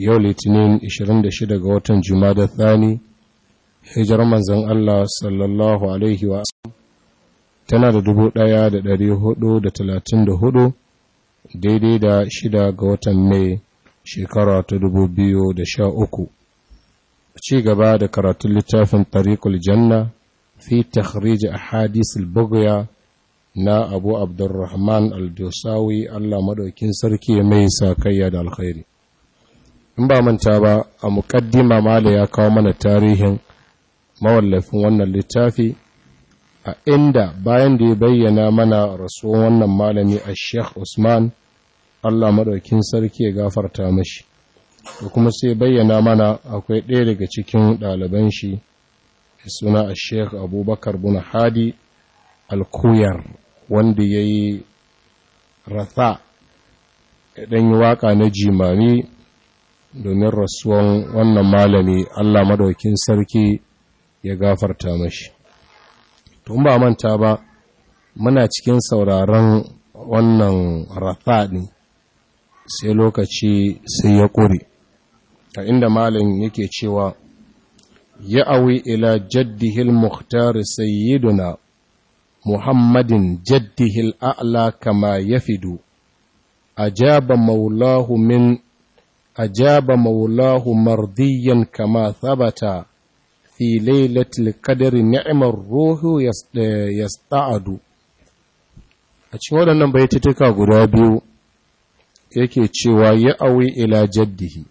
yau litinin 26 ga watan jumada thani hijar manzan Allah sallallahu alaihi wa tana da 1434 daidai da shida ga watan mai shekara ta uku. ci gaba da karatun littafin tariqul janna fi takhrij ahadith al-bughya na abu abdurrahman al-dusawi Allah madaukin sarki mai sakayya da alkhairi in ba manta ba a muƙaddima mala ya kawo mana tarihin mawallafin wannan littafi a inda bayan da ya bayyana mana rasuwan wannan malami a sheikh usman allah maɗaukin sarki ya gafarta mashi da kuma sai bayyana mana akwai ɗaya daga cikin ɗaliban shi suna a sheikh abubakar buna hadi alkuyar wanda ya yi ratha ɗan yi waƙa na jimami domin rasuwan wannan malami Allah madaukin sarki ya gafarta mashi tun ba manta ba muna cikin sauraron wannan rafaɗi sai lokaci sai ya ƙuri. ta inda malin yake cewa ya awi ila jaddihil muhtar sayyiduna muhammadin jaddihil a'la kama ya fido jaba maulahu min أجاب مولاه مرضيا كما ثبت في ليلة القدر نعم الروح يستعد أشهد أن بيتتك غرابي yake cewa ya awi ila jaddihi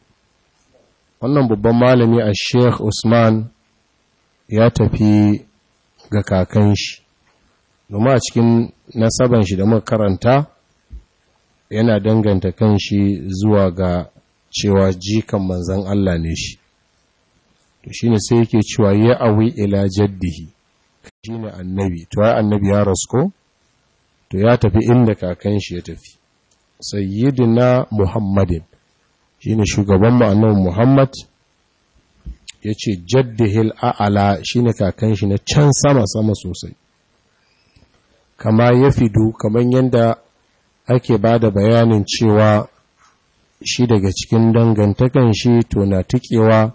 wannan babban malami a sheikh usman ya tafi ga kakan shi domin a cikin nasaban shi da muka karanta yana danganta kan shi zuwa ga cewa jikan manzan Allah ne shi to shine sai yake cewa ya awi ila jaddihi shine annabi to ya annabi ya rasko to ya tafi inda kakan shi ya tafi sayyidina muhammadin shine shugaban mu annabi muhammad yace jaddihil a'ala shine kakan shi na can sama sama sosai kama ya fidu kaman yanda ake bada bayanin cewa shi daga cikin dangantakan shi to na tikewa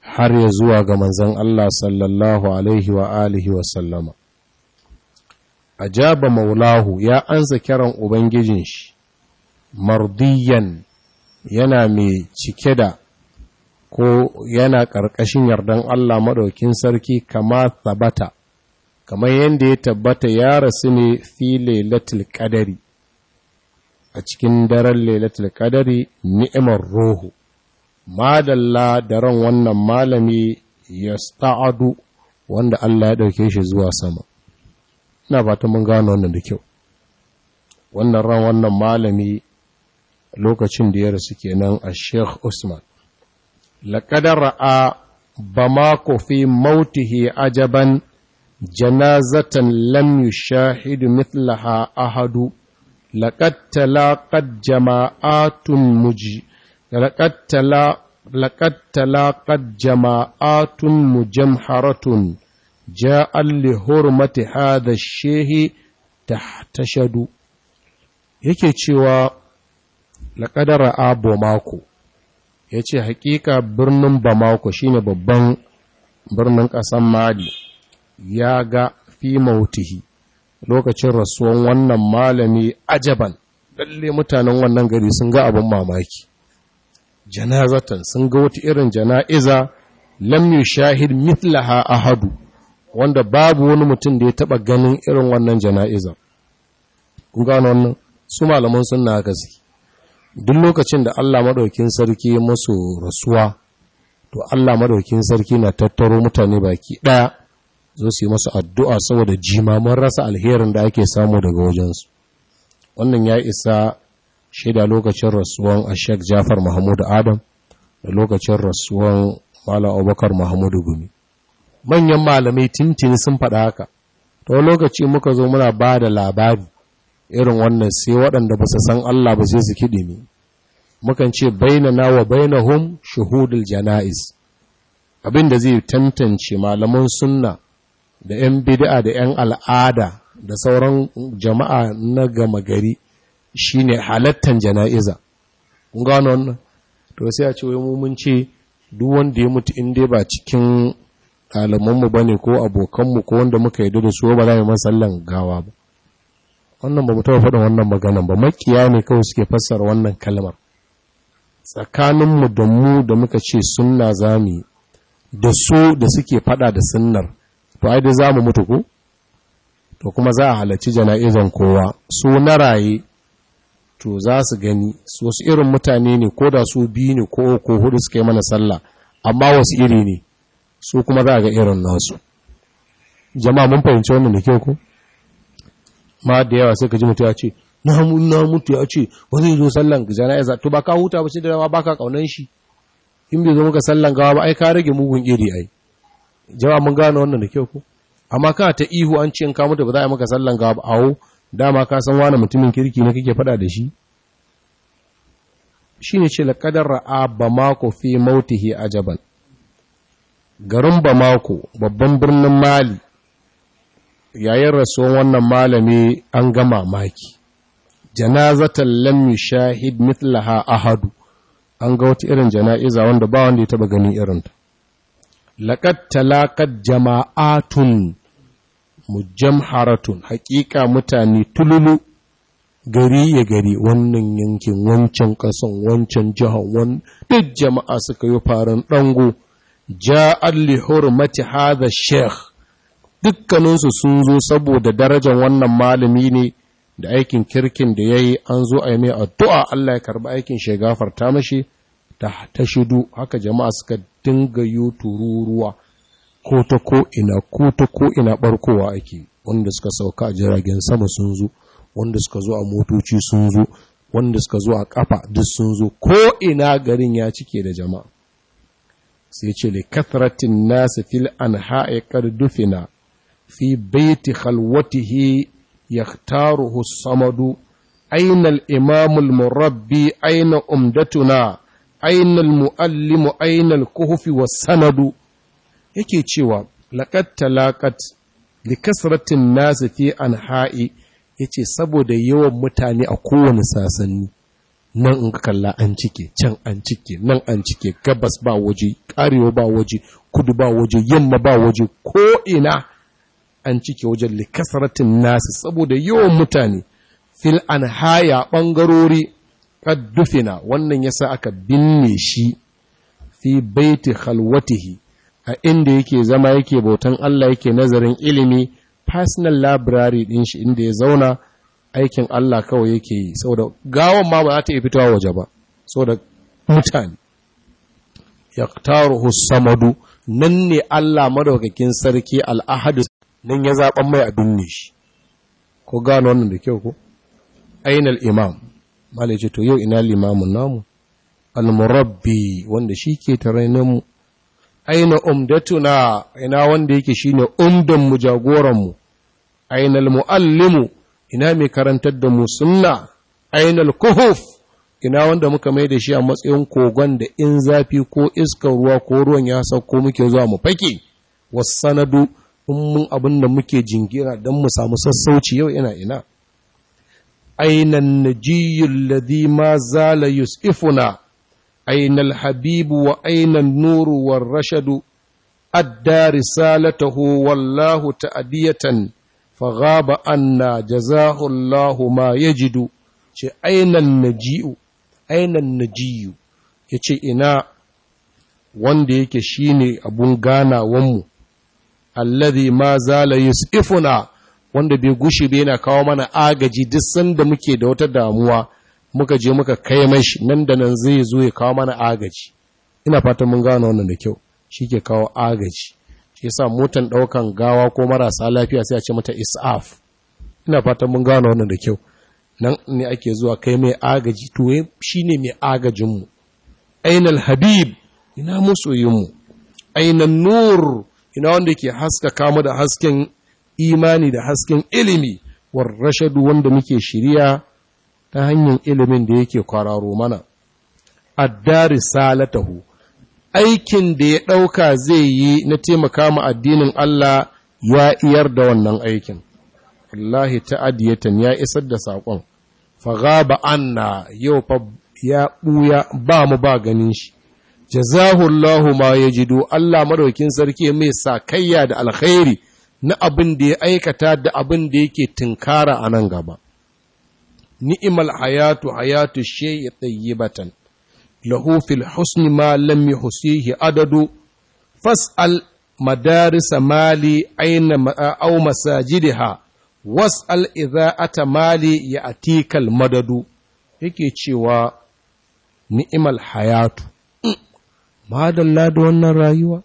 har ya zuwa ga manzon Allah sallallahu alaihi wa alihi wa sallama ajaba maulahu ya ansa kiran ubangijin shi mardiyan yana mai cike da ko yana ƙarƙashin yardan Allah maɗaukin sarki kama tabbata kamar yadda ya tabbata ya rasu ne fi latil ƙadari. a cikin daren lailatul qadari ni'imar ruhu madalla daren wannan malami yasta'adu wanda Allah ya ɗauke shi zuwa sama ina ta mun gano wannan da kyau wannan ran wannan malami lokacin da ya rasu kenan a Sheikh Usman laqad ra'a bamako fi mautihi ajaban janazatan lam yushahidu mithlaha ahadu لقد تلاقت جماعات مجي لقد تلا لقد تلاقت جماعات مجمحرة جاء لحرمة هذا الشيخ تحتشد yake cewa laƙadar a bamako ya ce hakika birnin bamako shine babban birnin ƙasan mali ya ga fi mautihi lokacin rasuwan wannan malami ajaban lalle mutanen wannan gari sun ga abin mamaki janazatan sun ga wata irin jana'iza lam yushahid mithlaha ahadu wanda babu wani mutum da ya taba ganin irin wannan jana'iza kun gano wannan su malaman sun haka suke duk lokacin da Allah madaukin sarki masu rasuwa to Allah madaukin sarki na tattaro mutane baki ɗaya. zo su yi masa addu'a saboda jimaman rasa alherin da ake samu daga wajensu wannan ya isa shaida lokacin rasuwan ashek jafar mahamudu adam da lokacin rasuwan malam Obakar mahamudu gumi manyan malamai tintini sun faɗa haka ta lokaci muka zo muna ba da labari irin wannan sai waɗanda ba su san allah ba sai su kiɗi ne mukan ce na wa hum shuhudul jana'iz abin da zai tantance malaman sunna da 'yan bid'a da 'yan al'ada da sauran jama'a na gama gari shi ne halattan jana'iza kun gano wannan to sai a ce wai mu mun duk wanda ya mutu in dai ba cikin ɗalamanmu ba ne ko abokanmu ko wanda muka yi da su ba za mu sallan gawa ba wannan ba mu faɗin wannan maganan ba makiya ne kawai suke fassara wannan kalmar tsakaninmu da mu da muka ce sunna zami da su da suke faɗa da sunnar to ai da za mu mutu ku to kuma za a halarci jana'izan kowa su na raye to za su gani su wasu irin mutane ne ko da su biyu ne ko ko hudu suka yi mana sallah amma wasu iri ne su kuma za a ga irin nasu jama'a mun fahimci wannan da kyau ko ma da yawa sai ka ji mutu ya ce na mutu ya ce ba zai zo sallan jana'iza to ba ka huta ba shi da ba ka kaunan shi in bai zo muka sallan gawa ba ai ka rage mugun iri ai jama'a mun gano wannan da kyau ko amma kana ta ihu an ce in ka mutu ba za a yi maka sallan ga ba awo dama ka san wani mutumin kirki ne kake faɗa da shi shine ce laƙadar ra'a bamako fi mautihi ajaban garin bamako babban birnin mali yayin rasuwan wannan malami an gama maki janazatan lam yushahid mithlaha ahadu an ga wata irin jana'iza wanda ba wanda ya taba gani irinta laƙad talaƙad jama'atun mujamharatun haƙiƙa mutane tululu gari ya gari wannan yankin wancan ƙasan wancan jihar wani duk jama'a suka yi farin ɗango ja'ar lihur mati haza sheikh dukkaninsu sun zo saboda darajar wannan malami ne da aikin kirkin da ya yi an zo a yi mai addu'a Allah ya karɓi aikin shi gafarta mashi ta shidu haka jama'a suka dinga yi tururuwa ko ta ko ina ko ta ko ina barkowa ake wanda suka sauka a jiragen sama sun zo wanda suka zo a motoci sun zo wanda suka zo a kafa duk sun zo ko ina garin ya cike da jama'a sai ce li kathratin nasi fil anha'i kar dufina fi baiti khalwatihi yahtaruhu samadu aina al-imam murabbi aina umdatuna ainal mu'alli ainal kuhufi wa sanadu yake cewa laƙat talaƙat li kasratin nasu fi an ha'i yace saboda yawan mutane a kowane sasanni nan in ka kalla an cike can an cike nan an cike gabas ba waje karewa ba waje kudu ba waje yamma ba waje ko'ina ina an cike wajen likasaratin nasa saboda yawan mutane fil an haya bangarori ƙaddufina wannan ya sa aka binne shi fi baiti khalwatihi a inda yake zama yake bautan Allah yake nazarin ilimi personal library din shi inda ya zauna aikin Allah kawai yake yi saboda gawon ma ba za ta iya fitowa waje ba saboda mutane yaqtaruhu samadu nan ne Allah madaukakin sarki al-ahad nan ya zaban mai a binne shi ko gano wannan da kyau ko ainal imam malai ce to yau ina limamin namu al wanda shi ke mu aina umdatuna ina wanda yake shine umdan mu jagoran mu aina al-muallimu ina mai karantar da mu sunna aina al ina wanda muka mai da shi a matsayin kogon da in zafi ko iskar ruwa ko ruwan ya sauko muke zuwa mu fake wasanadu in mun abin da muke jingira don mu samu sassauci yau ina ina ainan najiyyul ladhi ma zala yus'ifuna ainal habibu wa ainan nuru war rashadu adda risalatahu wallahu ta'diyatan faghaba anna jazahu Allahu ma yajidu ce ainan najiyu ainan najiyu yace ina wanda yake shine abun ganawanmu alladhi ma zala yus'ifuna wanda bai gushe bai yana kawo mana agaji duk sanda muke da wata damuwa muka je muka kai mashi nan da nan zai zo ya kawo mana agaji ina fatan mun gano wannan da kyau shi ke kawo agaji shi yasa motan ɗaukan gawa ko marasa lafiya sai a ce mata isaf ina fatan mun gano wannan da kyau nan ne ake zuwa kai mai agaji to eh, shine mai agajinmu ainal habib ina mu ainan nur ina wanda ke haskaka mu da hasken imani da hasken ilimi wa rashadu wanda muke shirya ta hanyar ilimin da yake kwararo mana Addari salatahu aikin da ya ɗauka zai yi na taimaka ma addinin Allah ya iyar da wannan aikin ta adiyatan ya isar da saƙon faghaba anna yau fa ya ɓuya ba mu ba ganin shi jazahullahu ma yajidu Allah madaukin sarki mai sakayya da alkhairi na abin da ya aikata da abin da yake tunkara a nan gaba ni'imal hayatu hayatu ya tsaye batan lahufil husni ma Lammi husihi adadu fas'al madarisa mali aina masajidi ha, was'al idza ata mali ya atikal madadu yake cewa ni'imal hayatu mm. madalla da wannan rayuwa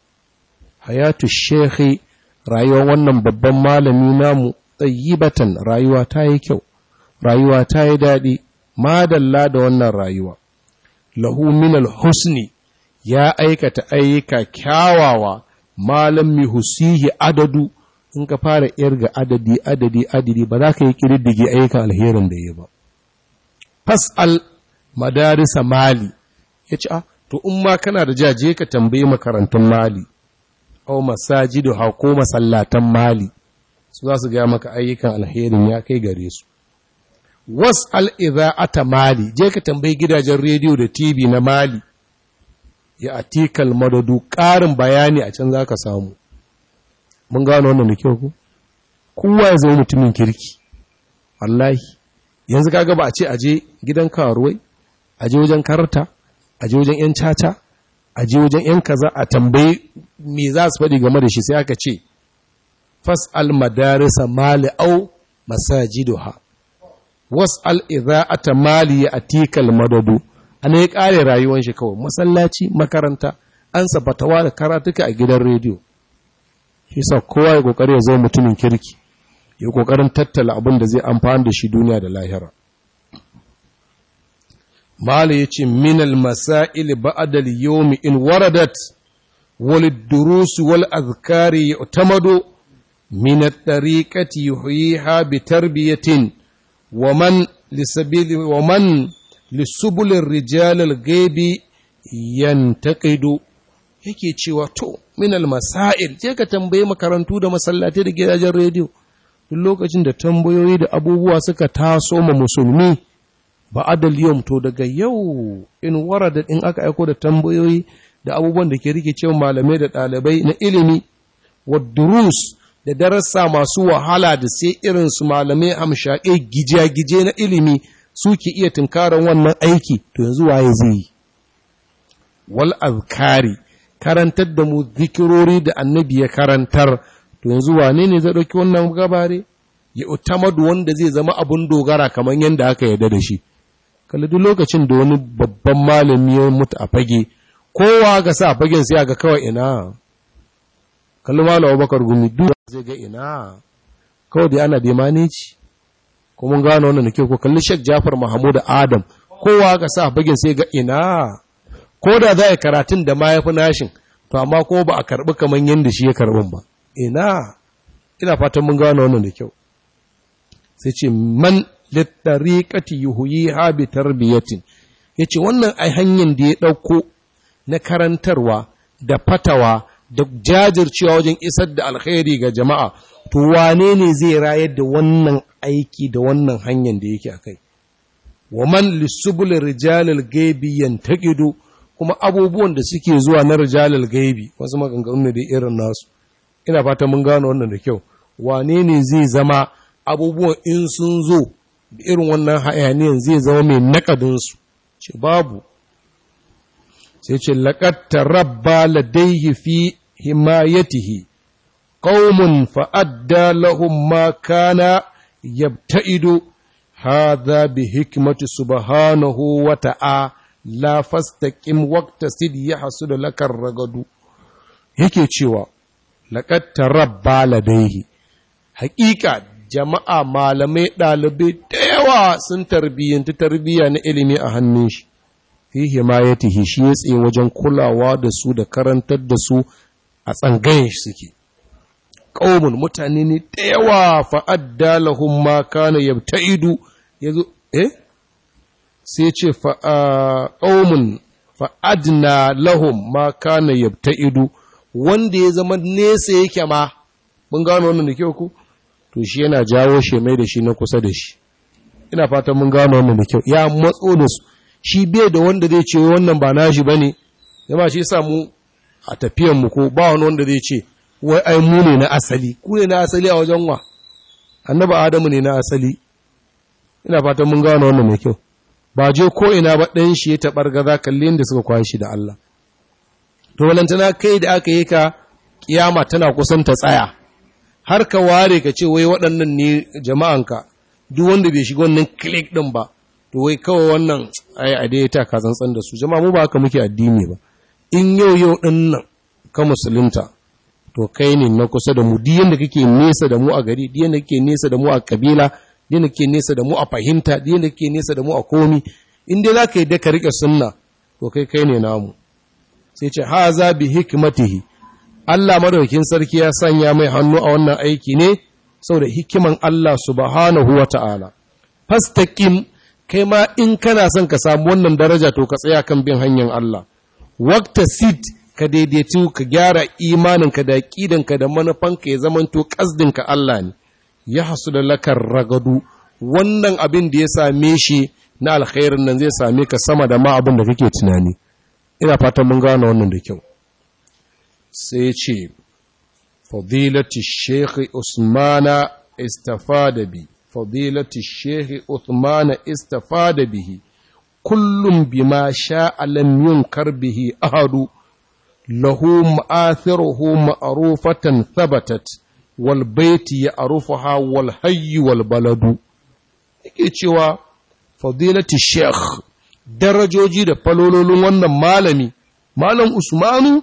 hayatu shekhi rayuwar wannan babban malami namu tsayibatan rayuwa ta yi kyau rayuwa ta yi daɗi madalla da wannan rayuwa lahu minal husni ya aikata ayyuka kyawawa malam husihi adadu in ka fara irga adadi adadi adadi ba za ka yi ƙididdige ayyukan alherin da ya ba fas'al madarisa mali ya ci a ah, to in ma kana da jaje ka tambayi makarantun mali au masajidu hako ko masallatan mali su za su gaya maka ayyukan alherin ya kai gare su was al'iza'ata mali je ka tambayi gidajen rediyo da tv na mali ya atikal madadu ƙarin bayani a can za ka samu mun gano wannan da kyau ku kowa ya zama mutumin kirki wallahi yanzu kaga ba a ce aje gidan karuwai aje wajen karta aje wajen yan caca a ji wajen ‘yan kaza a tambayi me za su faɗi game da shi sai aka ce fas'al madarisa mali au al iza a ta mali atikal madadu ana ya kare rayuwar shi kawai masallaci makaranta an sabatawa da karatuka a gidan rediyo shi sa kowa ya kokari ya zama mutumin kirki ya kokarin tattala abin da zai amfani da shi duniya da lahira Mala ya ce, Minal masa'il ba'adal yomi in waradat, walid durusu wal azkari ya tamado, minat ɗariƙati yuhiha bi tarbiyatin, wa man lissubulin rijalar gaibi yantaƙido. Yake cewa, To, minal masa'il, je ka tambaye makarantu da masallatai da gidajen rediyo, duk lokacin da tambayoyi da abubuwa suka taso ma musulmi. adal yawm to daga yau in warada in aka aiko da tambayoyi da abubuwan da ke rikice malamai da ɗalibai na ilimi wa durus da darasa masu wahala da sai irin su malamai amshaƙe gije-gije na ilimi suke iya tunkarar wannan aiki to yanzu waye zai yi wal azkari karantar da mu zikirori da annabi ya karantar to yanzu wane ne zai ɗauki wannan gabare ya utamadu wanda zai zama abun dogara kamar yadda aka yarda da shi kalli duk lokacin da wani babban malami ya mutu a fage kowa ga sa fagen sai ga kawai ina kalli malam Abubakar Gumi duk zai ga ina kawai dai ana demani ci ko mun gano wannan nake ko kalli Sheikh Jafar mahamudu Adam kowa ga sa fagen sai ga ina ko da za a karatun da ma ya fi nashin to amma ko ba a karbi kamar yadda shi ya karbin ba ina ina fatan mun gano wannan da kyau sai ce man littariqati yuhyiha bi tarbiyatin ce wannan ai hanyar da ya ɗauko na karantarwa da fatawa da jajircewa wajen isar da alkhairi ga jama'a to wane ne zai rayar da wannan aiki da wannan hanyar da yake kai? wa man lisubul rijalil gaibi yantaqidu kuma abubuwan da suke zuwa na rijalil gaibi wasu maganganu ne da irin nasu ina fata mun gano wannan da kyau wane ne zai zama abubuwan in sun zo irin wannan hayaniyan zai zama mai nakadinsu ce babu sai ce laƙatta rabba ladaihi fi himayatihi qaumun fa'adda lahum ma kana yabta'idu hadha bi hikmati subhanahu wa ta'a la fastaqim waqta sid yahsul lakar ragadu yake cewa Lakatta, rabba ladaihi haƙiƙa jama'a malamai ɗalibai da yawa sun tarbiyyanti tarbiyya na ilimi a hannun shi fi himayatihi shi ya tsaye wajen kulawa da su da karantar da su a tsangayen shi suke ƙaumin mutane ne da yawa fa'adda lahun ma kana yabta idu ya zo eh sai ce ƙaumin fa'adna lahun ma kana yabta idu wanda ya zama nesa yake ma mun gano wannan da kyau ku to shi yana jawo shi mai da shi na kusa da shi ina fatan mun gano wannan da kyau ya matso da su shi bai da wanda zai ce wannan ba nashi bane jama'a shi yasa mu a tafiyan mu ko ba wani wanda zai ce wai ai mu ne na asali ku ne na asali a wajen wa annabi adamu ne na asali ina fatan mun gano wannan mai kyau ba je ko ina ba dan shi ya tabar gaza kalli yadda suka kwashi da Allah to walantana kai da aka yi ka kiyama tana kusan ta tsaya har ka ware ka ce wai waɗannan ne jama'anka duk wanda bai shiga wannan click ɗin ba to wai kawai wannan ai a dai ka zantsan da su jama'a mu ba haka muke addini ba in yau yau ɗin nan ka musulunta to kai ne na kusa da mu diyan da kake nesa da mu a gari diyan da kake nesa da mu a kabila diyan da kake nesa da mu a fahimta diyan da kake nesa da mu a komi in dai zaka yi da ka rike sunna to kai kai ne namu sai ce haza bi hikmatihi Allah madaukin sarki ya sanya mai hannu a wannan aiki ne saboda hikiman Allah subhanahu wa ta'ala. Fastaqim kai ma in kana son ka samu wannan daraja to ka tsaya kan bin hanyar Allah. Wakta sit ka daidaitu ka gyara imaninka da ƙidanka da manufanka ya zamanto ka Allah ne. Ya hasu da lakar ragadu wannan abin da ya same shi na alkhairin nan zai same ka sama da ma abin da kake tunani. Ina fatan mun gane wannan da kyau. sai ce fadilati shekhi usmana istafada bi fadilati shekhi usmana istafada bihi kullum bima sha'a lam yunkar bihi ahadu lahu ma'athiruhu ma'rufatan thabatat wal baiti ya'rufuha wal hayy wal baladu yake cewa fadilati sheikh darajoji da falololin wannan malami malam usmanu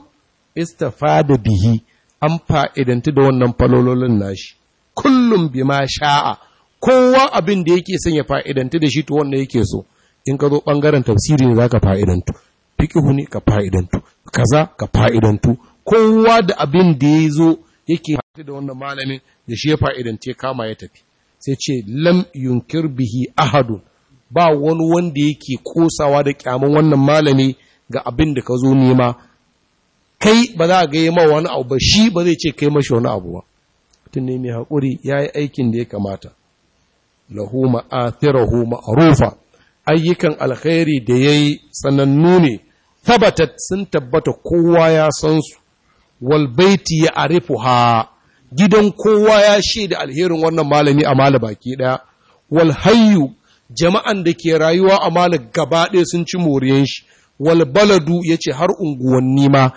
istafada bihi an fa'idantu da wannan falololin nashi kullum bima sha'a kowa abin da yake son ya fa'idantu da shi to wanda yake so in ka zo ɓangaren tafsiri ne za ka fa'idantu fiƙi huni ka fa'idantu kaza ka fa'idantu kowa da abin da ya zo yake fa'idantu da wannan malamin da shi ya ya kama ya tafi sai ce lam yunkir bihi ahadu ba wani wanda yake kosawa da kyamun wannan malami ga abin da ka zo nema kai ba za a ga ma wani abu ba shi ba zai ce kai mashi wani abu ba tun ne mai haƙuri ya yi aikin da ya kamata lahu ma'athirahu ma'rufa ayyukan alkhairi da ya yi sanannu ne tabatat sun tabbata kowa ya san su wal baiti ya ha, gidan kowa ya shaida alherin wannan malami a mala baki ɗaya. wal jama'an da ke rayuwa a mala gaba ɗaya sun ci moriyan shi wal baladu yace har unguwanni ma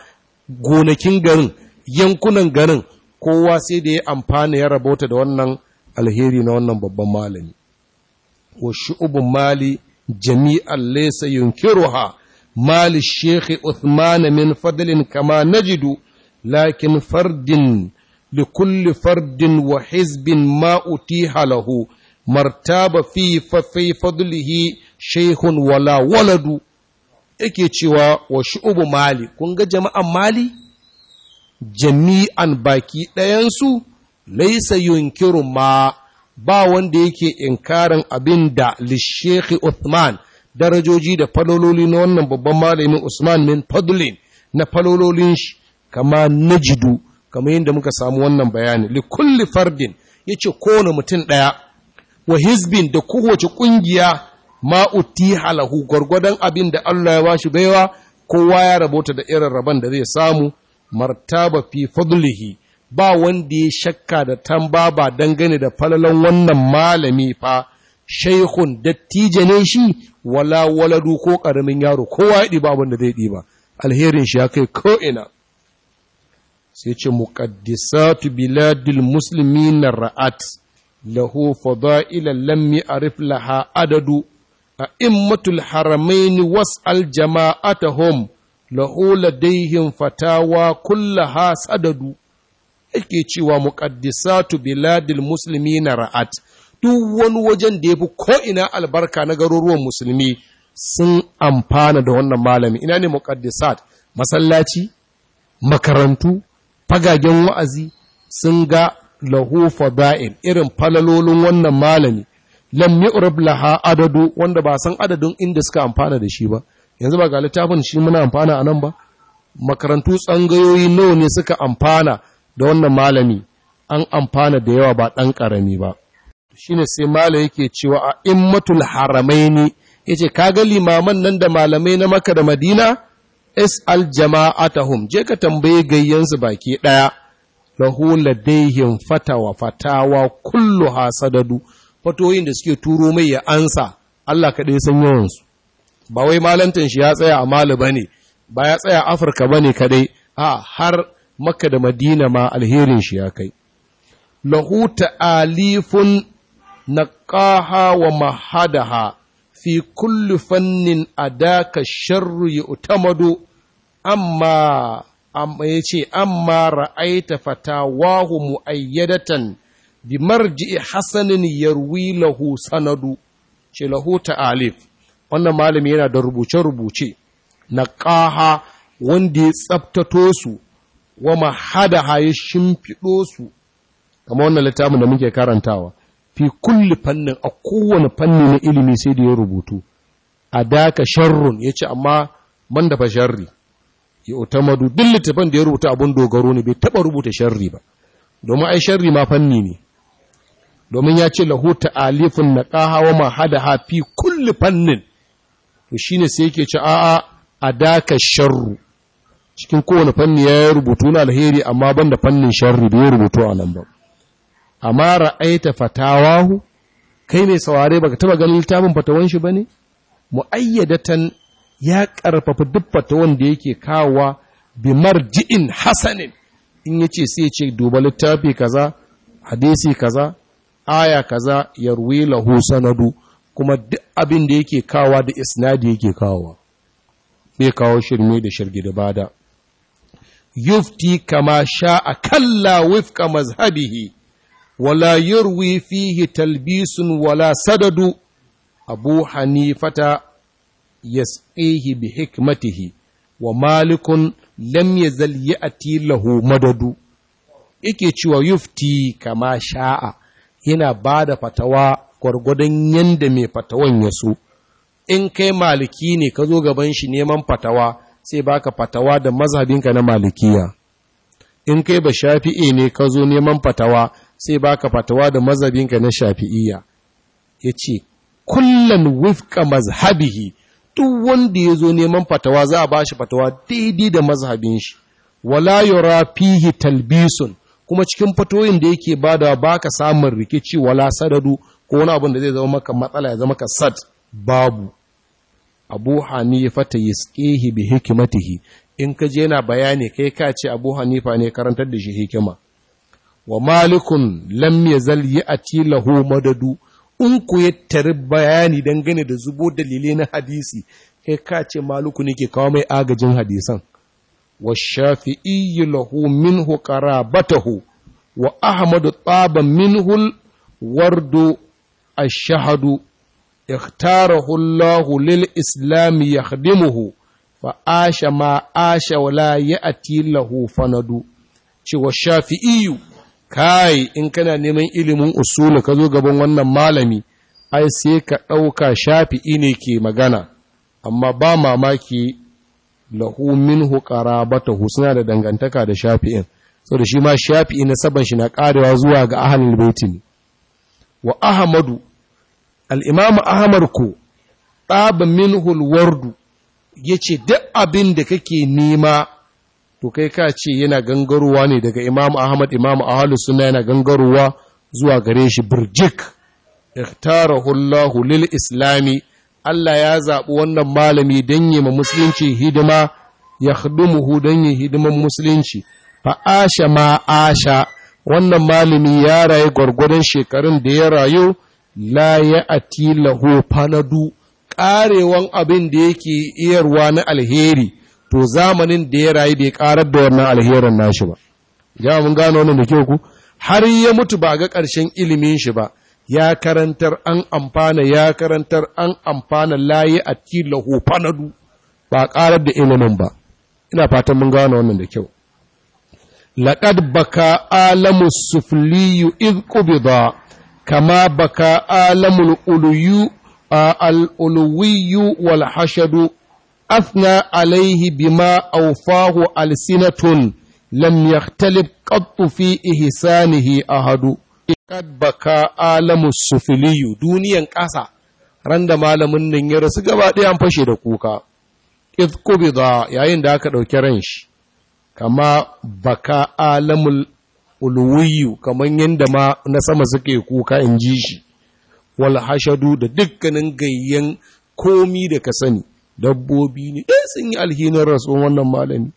gonakin garin yankunan garin kowa sai da ya amfana ya rabota da wannan alheri na wannan babban malami wa shu'ubun mali jami'an laysa yunkiruha mali shekhi uthman min fadlin kama najidu lakin fardin لكل فرد وحزب ما أتيح له مرتاب في ففي فضله شيخ ولا ولد yake cewa wa shu'ubu mali kun ga jama'an mali jami'an baki ɗayansu laisa yunkiru ma ba wanda yake inkarin abin da lishekhi Uthman darajoji da falololi na wannan babban malamin Usman min fadlin na falololin shi kama najidu kamar yadda muka samu wannan bayani li kulli fardin yace kowane mutum ɗaya wa hizbin da kowace ƙungiya ma halahu, gwargwadon abin da Allah ya bashi baiwa kowa ya rabota da irin rabon da zai samu martaba fi fadlihi ba wanda ya shakka da tamba ba dangane da falalan wannan malami fa shaikhun dattije ne shi wala waladu ko karamin yaro kowa ya ɗiba abin da zai ɗiba alherin shi ya kai ko'ina sai ce muqaddisatu biladil muslimin ra'at lahu fada'ila lam ya'rif laha adadu a immatul haramaini was'al jama'atahum lahu fatawa kullaha sadadu yake cewa muqaddisatu biladil muslimina ra'at duk wani wajen da yafi ko ina albarka na garuruwan musulmi sun amfana da wannan malami ina ne muqaddisat masallaci makarantu fagagen wa'azi sun ga lahu fada'il irin falalolin wannan malami lam yu'rab laha adadu wanda ba san adadin inda suka amfana da shi ba yanzu ba ga littafin shi muna amfana a nan ba makarantu tsangayoyi nawa ne suka amfana da wannan malami an amfana da yawa ba dan karami ba shine sai Malami yake cewa a immatul haramaini yace ga limaman nan da malamai na Makka da Madina is'al jama'atuhum je ka tambaye gayyansu baki ɗaya lahu ladaihim fatawa fatawa kullu hasadadu fatoyin da suke turo mai ya ansa Allah kaɗai san yawansu ba wai malantan shi ya tsaya a Mali ne, ba ya tsaya Afirka ne kaɗai. a har Makka da Madina ma alherin shi ya kai lahu ta'alifun naqaha wa mahadaha fi kulli fannin adaka sharru yu'tamadu amma amma yace amma ra'aita fatawahu muayyadatan بمرجع حسن يروي yarwi lahu sanadu له lahu wannan malami yana da rubuce-rubuce na ƙaha wanda ya tsabtato su wa mahada ya shimfiɗo su kama wannan littafin da muke karantawa fi kulli fannin a kowane fanni na ilimi sai da ya rubutu a daka sharrun ya ce amma man dafa sharri ya otamadu duk littafin da ya rubuta abin dogaro ne bai taɓa rubuta sharri ba domin ai sharri ma fanni ne domin ya ce lahu alifin na ƙahawa ma hada hafi kulli fannin to shi ne sai yake ce a'a a daka sharru cikin kowane fanni ya yi rubutu na alheri amma ban da fannin da ya rubutu a nan ba amma ra'aita fatawahu kai mai ba baka taba ganin littafin fatawan shi bane muayyadatan ya karfafa duk fatawan da yake kawowa bi marji'in hasanin in yace sai ce duba littafi kaza hadisi kaza aya kaza ya ruwe lahu sanadu kuma duk abin da yake kawa da isnadi yake kawa bai kawo shirme da shirgi da bada yufti kama sha a kalla wifka mazhabihi wala yurwi fihi talbisun wala sadadu abu hanifata yasqihi bi hikmatihi wa malikun lam yazal ya'ti lahu madadu yake cewa yufti kama sha'a yana ba da fatawa gwargwadon yadda mai fatawan ya so in kai maliki ne ka zo gaban shi neman fatawa sai baka fatawa da mazhabinka na malikiya in kai ba shafi'i ne ka zo neman fatawa sai baka fatawa da mazhabinka na shafi'iyya ce, kullum wifka mazhabihi duk wanda ya zo neman fatawa za a ba shi fatawa daidai da mazhabin shi wala yura fihi talbisun kuma cikin fatoyin da yake bada ba ka samun rikici wala sadadu ko wani abin da zai zama maka matsala ya zama ka sad babu abu hanifa ta yisqihi bi hikimatihi in ka je na bayani kai ka ce abu hanifa ne karantar da shi hikima wa malikun lam yazal ya'ti lahu madadu in ku ya tari bayani dangane da zubo dalilai na hadisi kai ka ce maluku ne ke kawo mai agajin hadisan wa له منه قرابته وأحمد طاب منه الورد الشهد اختاره الله للإسلام يخدمه فعاش ما عاش ولا يأتي له فند cewa shafi'iyu kai in kana neman ilimin usulu ka zo gaban wannan malami ai sai ka ɗauka shafi'i ne ke magana amma ba mamaki lahu minhu qarabatahu suna da dangantaka da shafi'in da shi ma shafi'i nasaban shi na karewa zuwa ga ahlul baiti ne wa ahmadu al-imam ahmad ko ɗaba minhu al-wardu yace duk abin da kake nema to kai ka ce yana gangarowa ne daga imam ahmad imam ahlus suna yana gangarowa zuwa gare shi birjik ikhtarahu allah lil islami Allah ya zaɓi wannan malami don yi ma musulunci hidima ya hudumuhu don yi hidiman musulunci fa asha ma asha wannan malami ya rayu gwargwadon shekarun da ya rayu la ya ati ho fanadu ƙarewan abin da yake iyarwa na alheri to zamanin da ya rayu bai ƙarar da wannan alherin nashi ba jama'a mun gano wannan da kyau ku har ya mutu ba ga ƙarshen ilimin shi ba ya karantar an amfana ya karantar an amfana laye a kila hufanadu ba ƙarar da ilimin ba ina fatan mun gano wannan da kyau Laƙad baka alamu sufliyu in id ba, kama baka alamu uluyu al-uluwiyu wal hashadu athna alaihi bima al alsinatun lam Talib qattu fi ihsanihi ahadu kad baka alamu sufiliyu duniyan ƙasa randa malamin nan ya rasu gaba ɗaya an fashe da kuka iz qubida yayin da aka ɗauki ran shi kama baka alamul uluwiyu kaman yanda ma na sama suke kuka in ji shi wal hashadu da dukkanin gayyan komi da ka sani dabbobi ne eh sun yi alhinin rasu wannan malami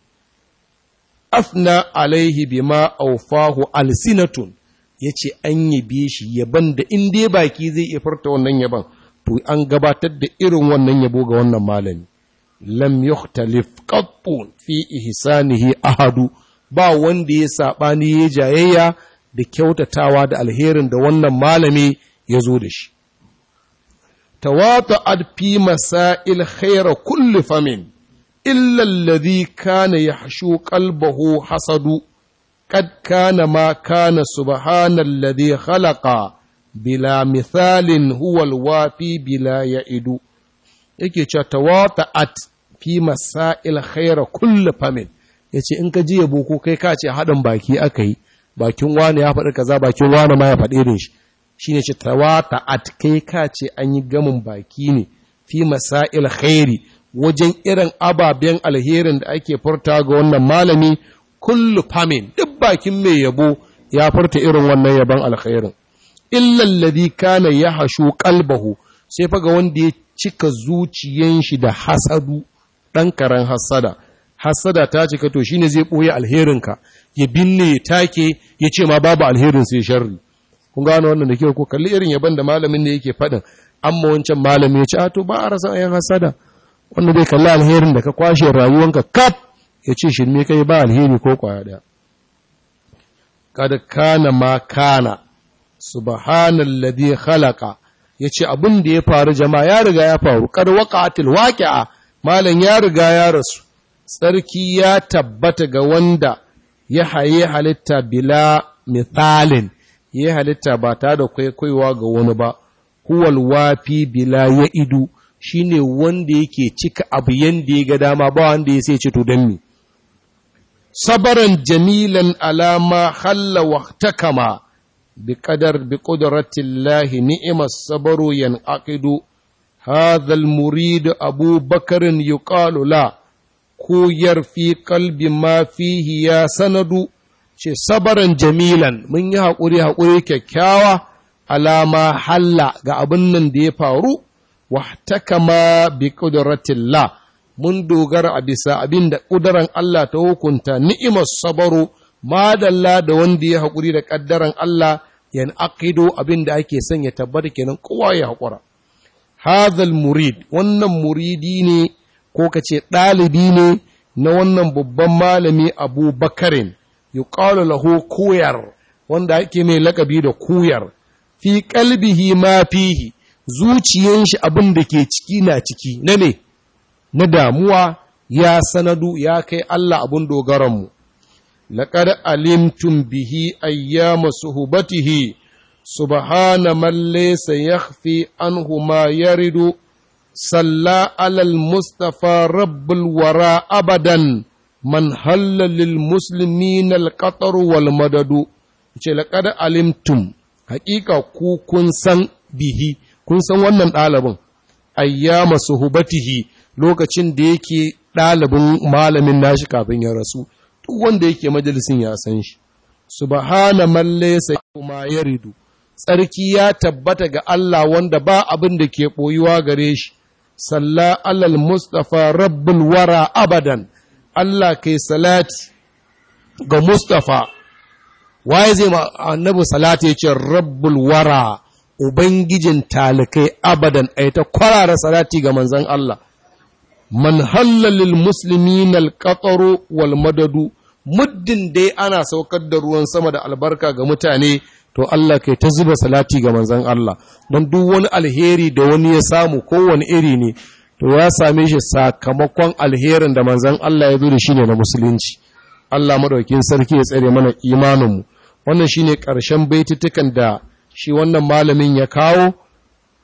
afna alaihi bima aufahu alsinatun ya ce an yabe shi yaban da in dai baki zai iya farta wannan yaban to an gabatar da irin wannan yabo ga wannan malami lam yukhtalif qattun fi ihsanihi ahadu ba wanda ya sabani ya jayayya da kyautatawa da alherin da wannan malami ya zo da shi tawata'at fi masail khaira kulli famin illa alladhi kana yahshu qalbahu hasadu قد كان ما كان سبحان الذي خلق بلا مثال هو الوافي بلا يئد yake cewa tawata'at fi masail khaira kullu famin yace in ka ji yabo kai ka ce hadin baki akai bakin wani ya faɗi kaza bakin wani ma ya faɗi din shi shine ce tawata'at kai ka ce an yi gamin baki ne fi masail khairi wajen irin ababen alherin da ake furta ga wannan malami kullu famin duk bakin mai yabo ya furta irin wannan yabon alkhairin illa alladhi kana yahashu qalbahu sai fa ga wanda ya cika zuciyan shi da hasadu dan karan hasada hasada ta cika to shine zai boye alherinka ya binne ya take ya ce ma babu alherin sai sharri kun gano wannan da kyau ko kalli irin yaban da malamin ne yake faɗin amma wancan malami ya ce a to ba a rasa ayan hasada wanda zai kalli alherin da ka kwashe rayuwanka kaf ya ce shi shirme kai ba alheri ko kwaya ɗaya kada kana ma kana subhanalladhi khalaqa yace abin da ya faru jama'a ya riga ya faru kada waqatil waqi'a malan ya riga ya rasu sarki ya tabbata ga wanda ya haye halitta bila mithalin ya halitta ba ta da kwaikwaiwa ga wani ba huwal wafi bila ya idu shine wanda yake cika abu yanda ya ga dama ba wanda ya sai ce to dan sabaran jamilan alama halla wahtakama bi qadar bi qudratillahi ni'imar sabaru akidu, hadha al-murid Abu Bakr yuqalu la ko yarfi qalbi ma sanadu ce sabaran jamilan mun yi haƙuri haƙuri kyakkyawa alama halla ga abin nan da ya faru wahtakama bi qudratillah mun dogara a bisa abin da ƙudaran Allah ta hukunta ni'imar sabaro, madalla da wanda ya haƙuri da ƙaddaren Allah yan aqido abin da ake son ya tabbata kenan kowa ya haƙura Hazal murid wannan muridi ne ko ka ce ɗalibi ne na wannan babban malami Abu Bakarin yuqalu laho koyar, wanda ake mai lakabi da koyar. fi ƙalbihi ma fihi zuciyan shi abin da ke ciki na ciki na ne. na damuwa ya sanadu ya kai Allah abun dogaranmu. Laƙar alimtum bihi ayyama suhubatihi, subhana man laysa yakhfi anhu ma yaridu, salla alal Mustapha rabbul wara abadan, man halla lil muslimin wal madadu. Ce laƙar alimtum, haƙiƙa ku kun san bihi, kun san wannan ɗalibin, ayyama suhubatihi, lokacin da yake ɗalibin malamin nashi kafin ya rasu duk wanda yake majalisin ya san shi subhana man laysa kuma ridu. tsarki ya tabbata ga Allah wanda ba abin da ke ɓoyuwa gare shi salla alal Mustapha, rabbul wara abadan Allah kai salati ga mustafa waye zai ma annabi salati ya ce rabbul wara ubangijin talikai abadan aita ta kwarara salati ga manzan Allah man hallalil muslimin alqataru wal madadu muddin dai ana saukar da ruwan sama da albarka ga mutane to Allah kai ta zuba salati ga manzon Allah don duk wani alheri da wani ya samu kowane iri ne to ya same shi sakamakon alherin da manzon Allah ya zo da shi ne na musulunci Allah madaukin sarki ya tsare mana imanin mu wannan shine karshen baitutukan da shi wannan malamin ya kawo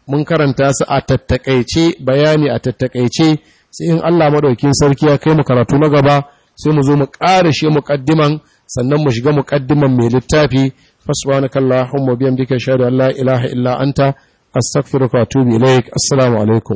mun karanta su a tattakaice bayani a tattakaice sai in Allah madaukin sarki ya kai mu karatu na gaba sai mu zo mu ƙarashe muqaddiman sannan mu shiga muqaddiman mai littafi fasubhanaka allahumma biyamdika ashhadu an la ilaha illa anta astaghfiruka wa atubu ilaik assalamu alaikum